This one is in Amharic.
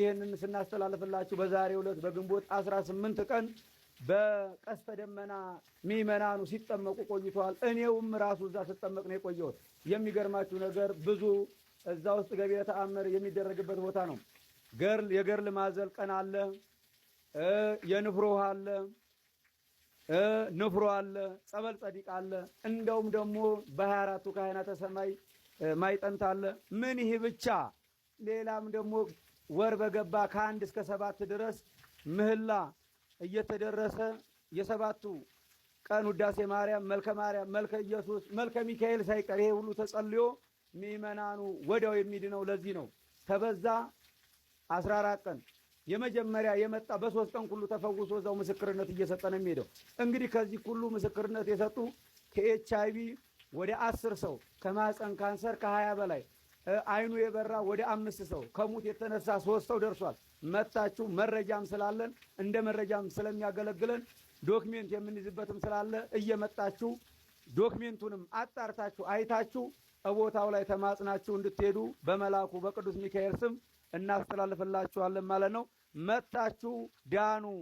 ይህንን ስናስተላልፍላችሁ በዛሬው ዕለት በግንቦት 18 ቀን በቀስተ ደመና ምዕመናኑ ሲጠመቁ ቆይተዋል። እኔውም ራሱ እዛ ስጠመቅ ነው የቆየሁት። የሚገርማችሁ ነገር ብዙ እዛ ውስጥ ገቢረ ተአምር የሚደረግበት ቦታ ነው። ገርል የገርል ማዘል ቀን አለ፣ የንፍሮ ውሃ አለ፣ ንፍሮ አለ፣ ጸበል ጸዲቅ አለ። እንደውም ደግሞ በሀያ አራቱ ካህናተ ሰማይ ማይጠንት አለ። ምን ይህ ብቻ ሌላም ደግሞ ወር በገባ ከአንድ እስከ ሰባት ድረስ ምህላ እየተደረሰ የሰባቱ ቀን ውዳሴ ማርያም፣ መልከ ማርያም፣ መልከ ኢየሱስ፣ መልከ ሚካኤል ሳይቀር ይሄ ሁሉ ተጸልዮ ምእመናኑ ወዲያው የሚድነው ለዚህ ነው። ተበዛ አስራ አራት ቀን የመጀመሪያ የመጣ በሶስት ቀን ሁሉ ተፈውሶ እዛው ምስክርነት እየሰጠ ነው የሚሄደው። እንግዲህ ከዚህ ሁሉ ምስክርነት የሰጡ ከኤች አይቪ ወደ አስር ሰው ከማህፀን ካንሰር ከሀያ በላይ አይኑ የበራ ወደ አምስት ሰው ከሙት የተነሳ ሶስት ሰው ደርሷል። መታችሁ መረጃም ስላለን እንደ መረጃም ስለሚያገለግለን ዶክሜንት የምንይዝበትም ስላለ እየመጣችሁ ዶክሜንቱንም አጣርታችሁ አይታችሁ ቦታው ላይ ተማጽናችሁ እንድትሄዱ በመላኩ በቅዱስ ሚካኤል ስም እናስተላልፍላችኋለን ማለት ነው። መታችሁ ዳኑ።